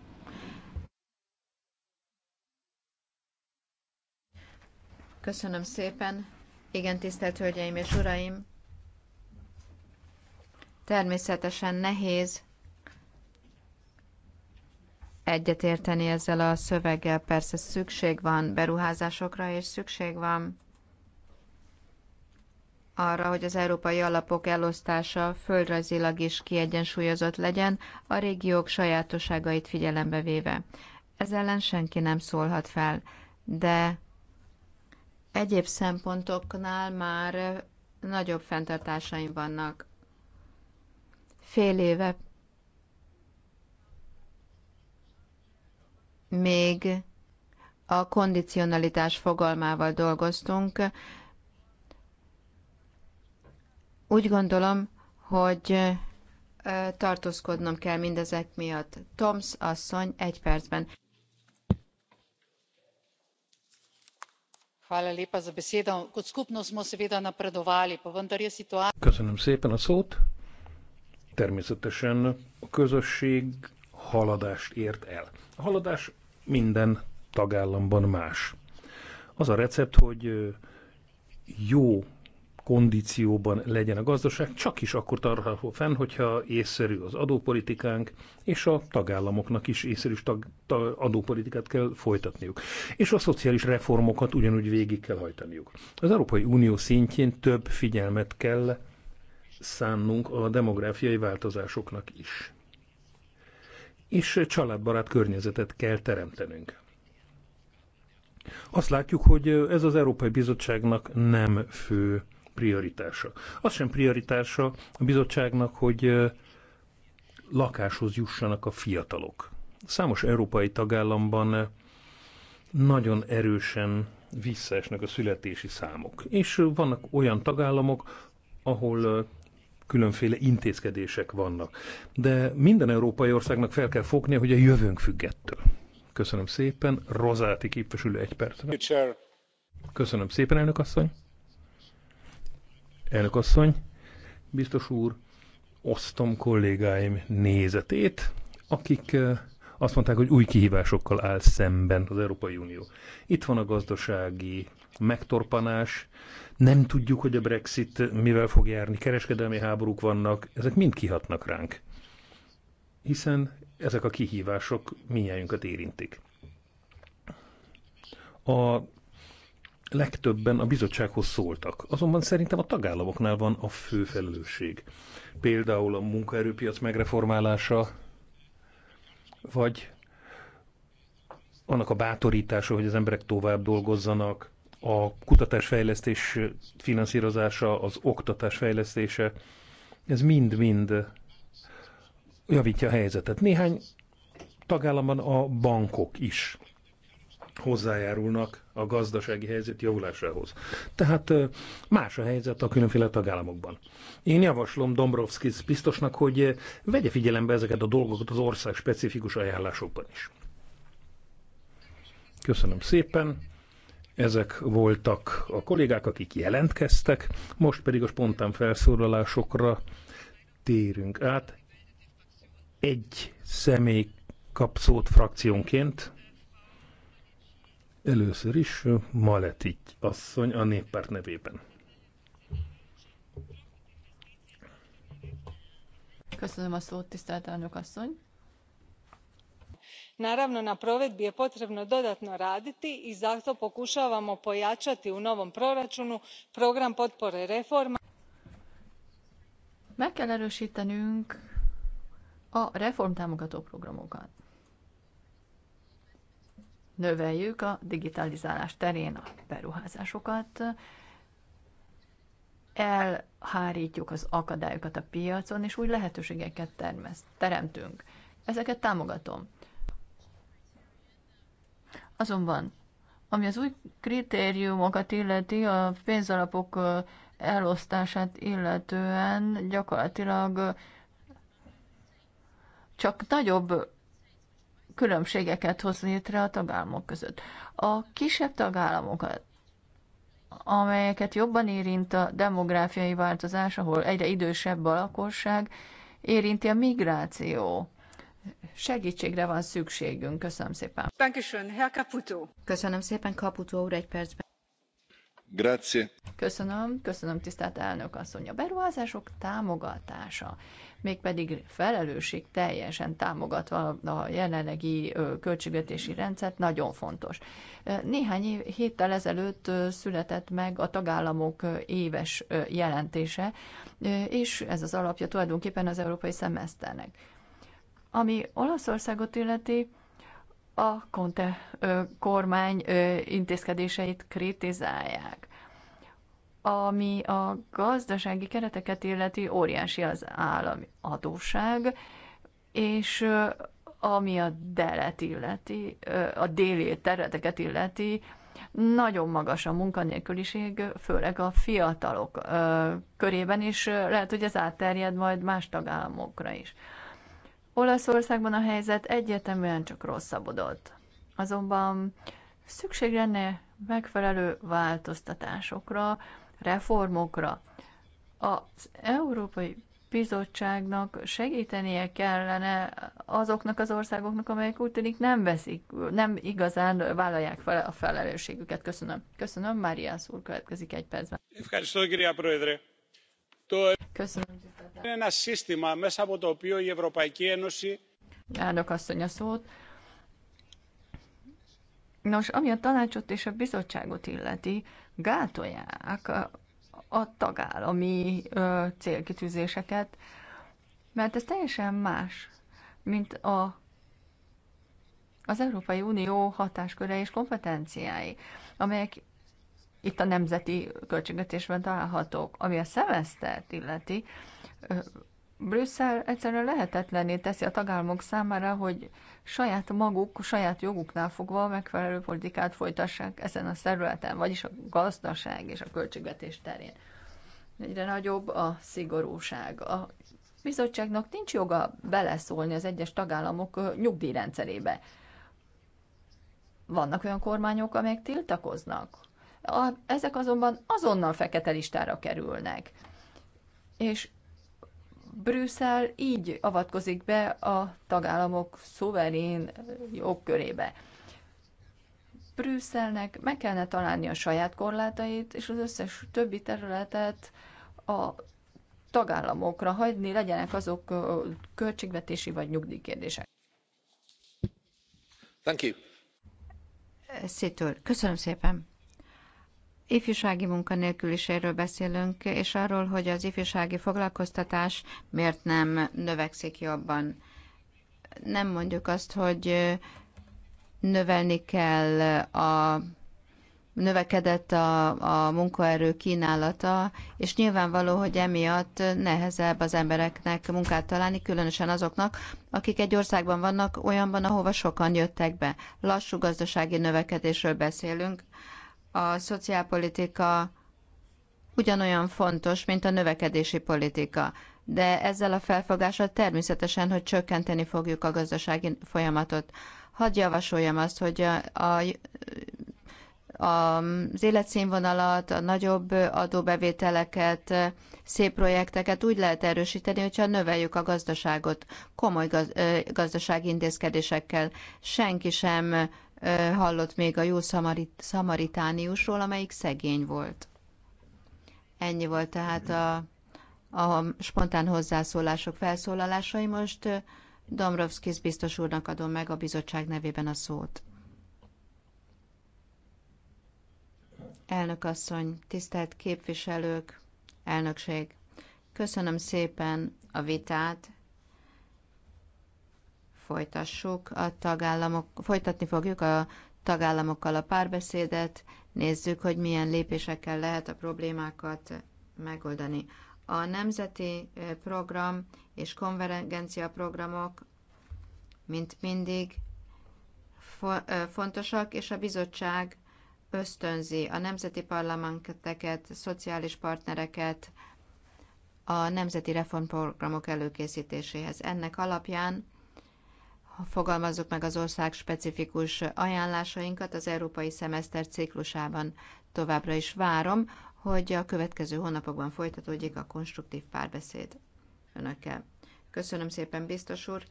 Köszönöm szépen. Igen, tisztelt Hölgyeim és Uraim! Természetesen nehéz egyetérteni ezzel a szöveggel. Persze szükség van beruházásokra, és szükség van arra, hogy az európai alapok elosztása földrajzilag is kiegyensúlyozott legyen, a régiók sajátosságait figyelembe véve. Ez ellen senki nem szólhat fel, de Egyéb szempontoknál már nagyobb fenntartásaim vannak. Fél éve még a kondicionalitás fogalmával dolgoztunk. Úgy gondolom, hogy tartózkodnom kell mindezek miatt. Toms asszony, egy percben. Kot skupnost smo seveda napredovali, pa vendar je situacija. szépen Természetesen a közösség haladást ért el. A haladás minden tagállamban más. Az a recept, hogy jó kondícióban legyen a gazdaság, csak is akkor tartható fenn, hogyha észszerű az adópolitikánk, és a tagállamoknak is észszerű tag, tag, adópolitikát kell folytatniuk. És a szociális reformokat ugyanúgy végig kell hajtaniuk. Az Európai Unió szintjén több figyelmet kell szánnunk a demográfiai változásoknak is. És családbarát környezetet kell teremtenünk. Azt látjuk, hogy ez az Európai Bizottságnak nem fő prioritása. Az sem prioritása a bizottságnak, hogy lakáshoz jussanak a fiatalok. Számos európai tagállamban nagyon erősen visszaesnek a születési számok. És vannak olyan tagállamok, ahol különféle intézkedések vannak. De minden európai országnak fel kell fognia, hogy a jövőnk függettől. Köszönöm szépen. Rozáti képviselő egy percre. Köszönöm szépen, elnök asszony. Elnök asszony, biztos úr, osztom kollégáim nézetét, akik eh, azt mondták, hogy új kihívásokkal áll szemben az Európai Unió. Itt van a gazdasági megtorpanás, nem tudjuk, hogy a Brexit mivel fog járni, kereskedelmi háborúk vannak, ezek mind kihatnak ránk. Hiszen ezek a kihívások minnyájunkat érintik. A legtöbben a bizottsághoz szóltak. Azonban szerintem a tagállamoknál van a fő felelősség. Például a munkaerőpiac megreformálása, vagy annak a bátorítása, hogy az emberek tovább dolgozzanak, a kutatásfejlesztés finanszírozása, az oktatás fejlesztése, ez mind-mind javítja a helyzetet. Néhány tagállamban a bankok is hozzájárulnak a gazdasági helyzet javulásához. Tehát más a helyzet a különféle tagállamokban. Én javaslom Dombrovskis biztosnak, hogy vegye figyelembe ezeket a dolgokat az ország specifikus ajánlásokban is. Köszönöm szépen. Ezek voltak a kollégák, akik jelentkeztek, most pedig a spontán felszólalásokra térünk át. Egy személy kap szót frakciónként. Először is Maletit asszony a néppárt nevében. Köszönöm a szót, tisztelt elnök asszony. Naravno, na provedbi je potrebno dodatno raditi i zato pokušavamo pojačati u novom proračunu program potpore reforma. Meg kell erősítenünk a reformtámogató programokat növeljük a digitalizálás terén a beruházásokat, elhárítjuk az akadályokat a piacon, és új lehetőségeket termeszt, teremtünk. Ezeket támogatom. Azonban, ami az új kritériumokat illeti, a pénzalapok elosztását illetően gyakorlatilag csak nagyobb különbségeket hoz létre a tagállamok között. A kisebb tagállamokat, amelyeket jobban érint a demográfiai változás, ahol egyre idősebb a lakosság, érinti a migráció. Segítségre van szükségünk. Köszönöm szépen. Köszönöm szépen, kaputó. úr, egy percben. Grazie. Köszönöm, köszönöm tisztelt elnök asszony. A beruházások támogatása, mégpedig felelősség teljesen támogatva a jelenlegi költségvetési rendszert nagyon fontos. Néhány héttel ezelőtt született meg a tagállamok éves jelentése, és ez az alapja tulajdonképpen az európai szemeszternek. Ami Olaszországot illeti, a Conte kormány intézkedéseit kritizálják. Ami a gazdasági kereteket illeti, óriási az állami adóság, és ami a delet illeti, a déli területeket illeti, nagyon magas a munkanélküliség, főleg a fiatalok körében, és lehet, hogy ez átterjed majd más tagállamokra is. Olaszországban a helyzet egyértelműen csak rosszabbodott. Azonban szükség lenne megfelelő változtatásokra, reformokra. Az Európai Bizottságnak segítenie kellene azoknak az országoknak, amelyek úgy tűnik nem veszik, nem igazán vállalják fel a felelősségüket. Köszönöm. Köszönöm, Máriás úr következik egy percben. Elnök asszony a szót. Nos, ami a tanácsot és a bizottságot illeti, gátolják a tagállami célkitűzéseket, mert ez teljesen más, mint a, az Európai Unió hatásköre és kompetenciái, amelyek itt a nemzeti költségvetésben találhatók. Ami a szemesztert illeti, Brüsszel egyszerűen lehetetlené teszi a tagállamok számára, hogy saját maguk, saját joguknál fogva megfelelő politikát folytassák ezen a területen, vagyis a gazdaság és a költségvetés terén. Egyre nagyobb a szigorúság. A bizottságnak nincs joga beleszólni az egyes tagállamok nyugdíjrendszerébe. Vannak olyan kormányok, amelyek tiltakoznak a, ezek azonban azonnal fekete listára kerülnek. És Brüsszel így avatkozik be a tagállamok szuverén jogkörébe. Brüsszelnek meg kellene találni a saját korlátait, és az összes többi területet a tagállamokra hagyni, legyenek azok költségvetési vagy nyugdíjkérdések. Thank you. Szétől. Köszönöm szépen ifjúsági munkanélkül is erről beszélünk, és arról, hogy az ifjúsági foglalkoztatás miért nem növekszik jobban. Nem mondjuk azt, hogy növelni kell a növekedett a, a munkaerő kínálata, és nyilvánvaló, hogy emiatt nehezebb az embereknek munkát találni, különösen azoknak, akik egy országban vannak, olyanban, ahova sokan jöttek be. Lassú gazdasági növekedésről beszélünk, a szociálpolitika ugyanolyan fontos, mint a növekedési politika. De ezzel a felfogással természetesen, hogy csökkenteni fogjuk a gazdasági folyamatot. Hadd javasoljam azt, hogy a, a az életszínvonalat, a nagyobb adóbevételeket, szép projekteket úgy lehet erősíteni, hogyha növeljük a gazdaságot komoly gaz, gazdasági intézkedésekkel. Senki sem hallott még a jó szamarit, szamaritániusról, amelyik szegény volt. Ennyi volt tehát a, a spontán hozzászólások felszólalásai. Most Domrovskis biztos úrnak adom meg a bizottság nevében a szót. Elnök asszony, tisztelt képviselők, elnökség, köszönöm szépen a vitát, folytassuk a tagállamok, folytatni fogjuk a tagállamokkal a párbeszédet, nézzük, hogy milyen lépésekkel lehet a problémákat megoldani. A nemzeti eh, program és konvergencia programok, mint mindig, eh, fontosak, és a bizottság ösztönzi a nemzeti parlamenteket, szociális partnereket a nemzeti reformprogramok előkészítéséhez. Ennek alapján fogalmazzuk meg az ország specifikus ajánlásainkat az európai szemeszter ciklusában. Továbbra is várom, hogy a következő hónapokban folytatódjék a konstruktív párbeszéd önökkel. Köszönöm szépen, biztos úr.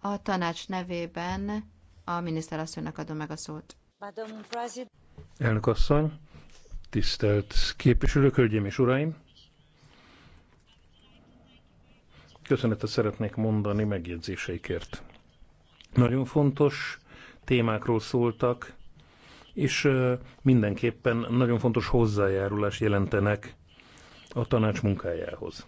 A tanács nevében a miniszterasszonynak adom meg a szót. Elnök asszony, tisztelt képviselők, hölgyeim és uraim! köszönetet szeretnék mondani megjegyzéseikért. Nagyon fontos témákról szóltak, és mindenképpen nagyon fontos hozzájárulás jelentenek a tanács munkájához.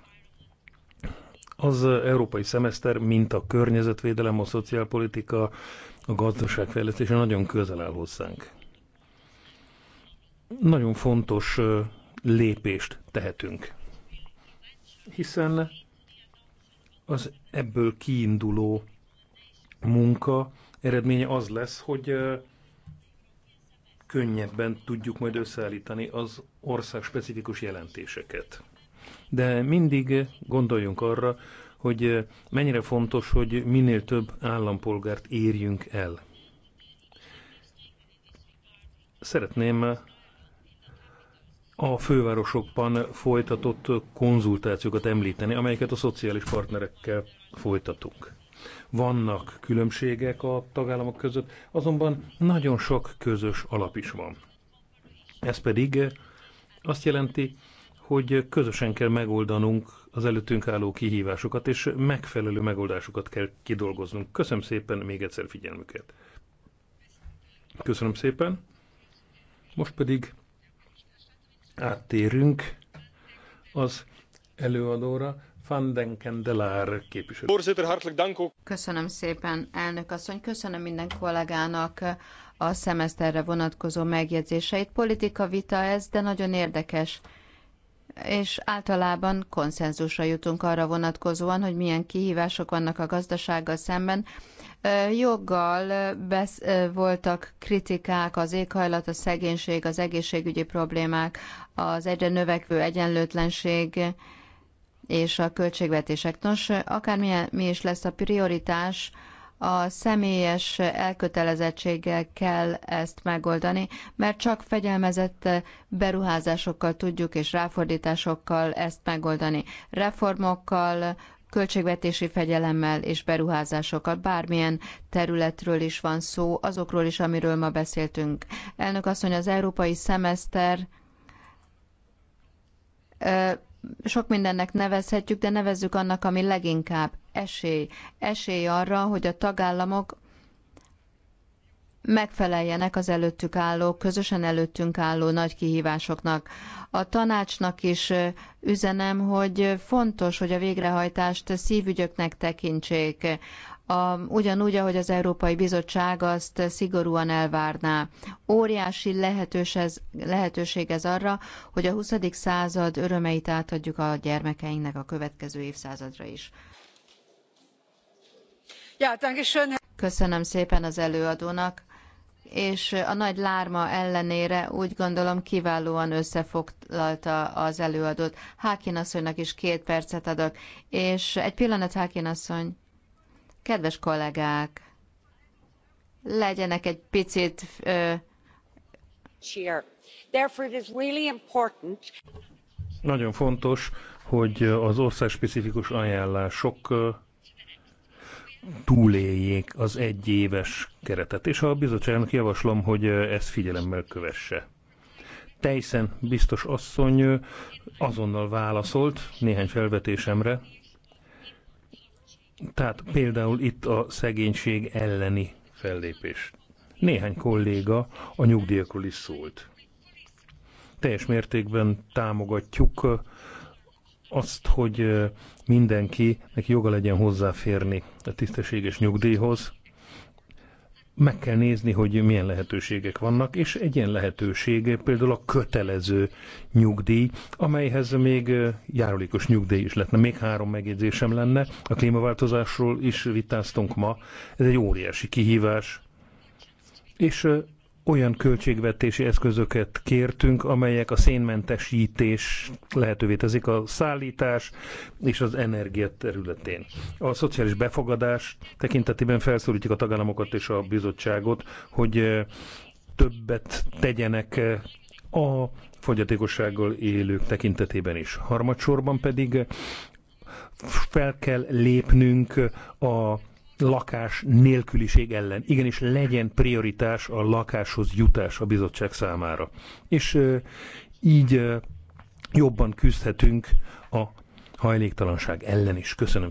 Az európai szemeszter, mint a környezetvédelem, a szociálpolitika, a gazdaságfejlesztése nagyon közel áll hozzánk. Nagyon fontos lépést tehetünk. Hiszen az ebből kiinduló munka eredménye az lesz, hogy könnyebben tudjuk majd összeállítani az ország specifikus jelentéseket. De mindig gondoljunk arra, hogy mennyire fontos, hogy minél több állampolgárt érjünk el. Szeretném a fővárosokban folytatott konzultációkat említeni, amelyeket a szociális partnerekkel folytatunk. Vannak különbségek a tagállamok között, azonban nagyon sok közös alap is van. Ez pedig azt jelenti, hogy közösen kell megoldanunk az előttünk álló kihívásokat, és megfelelő megoldásokat kell kidolgoznunk. Köszönöm szépen még egyszer figyelmüket. Köszönöm szépen. Most pedig áttérünk az előadóra. Van den Kendelár képviselő. Köszönöm szépen, elnök asszony. Köszönöm minden kollégának a szemeszterre vonatkozó megjegyzéseit. Politika vita ez, de nagyon érdekes és általában konszenzusra jutunk arra vonatkozóan, hogy milyen kihívások vannak a gazdasággal szemben. Joggal besz- voltak kritikák, az éghajlat, a szegénység, az egészségügyi problémák, az egyre növekvő egyenlőtlenség és a költségvetések. Nos, akármilyen mi is lesz a prioritás, a személyes elkötelezettséggel kell ezt megoldani, mert csak fegyelmezett beruházásokkal tudjuk és ráfordításokkal ezt megoldani. Reformokkal, költségvetési fegyelemmel és beruházásokkal, bármilyen területről is van szó, azokról is, amiről ma beszéltünk. Elnök asszony, az európai szemeszter sok mindennek nevezhetjük, de nevezzük annak, ami leginkább esély. Esély arra, hogy a tagállamok megfeleljenek az előttük álló, közösen előttünk álló nagy kihívásoknak. A tanácsnak is üzenem, hogy fontos, hogy a végrehajtást szívügyöknek tekintsék a, ugyanúgy, ahogy az Európai Bizottság azt szigorúan elvárná. Óriási lehetős ez, lehetőség ez arra, hogy a 20. század örömeit átadjuk a gyermekeinknek a következő évszázadra is. Köszönöm szépen az előadónak, és a nagy lárma ellenére úgy gondolom kiválóan összefoglalta az előadót. Hákin asszonynak is két percet adok, és egy pillanat Hákin asszony. Kedves kollégák, legyenek egy picit. Ö... Nagyon fontos, hogy az országspecifikus ajánlások túléljék az egyéves keretet, és a bizottságnak javaslom, hogy ezt figyelemmel kövesse. Teljesen biztos asszony azonnal válaszolt néhány felvetésemre, tehát például itt a szegénység elleni fellépés. Néhány kolléga a nyugdíjakról is szólt. Teljes mértékben támogatjuk azt, hogy mindenkinek joga legyen hozzáférni a tisztességes nyugdíjhoz, meg kell nézni, hogy milyen lehetőségek vannak, és egy ilyen lehetőség például a kötelező nyugdíj, amelyhez még járulékos nyugdíj is lenne. Még három megjegyzésem lenne, a klímaváltozásról is vitáztunk ma, ez egy óriási kihívás, és olyan költségvetési eszközöket kértünk, amelyek a szénmentesítés lehetővé teszik a szállítás és az energia területén. A szociális befogadás tekintetében felszólítjuk a tagállamokat és a bizottságot, hogy eh, többet tegyenek eh, a fogyatékossággal élők tekintetében is. Harmadsorban pedig eh, fel kell lépnünk a lakás nélküliség ellen. Igenis legyen prioritás a lakáshoz jutás a bizottság számára. És így jobban küzdhetünk a hajléktalanság ellen is. Köszönöm szépen.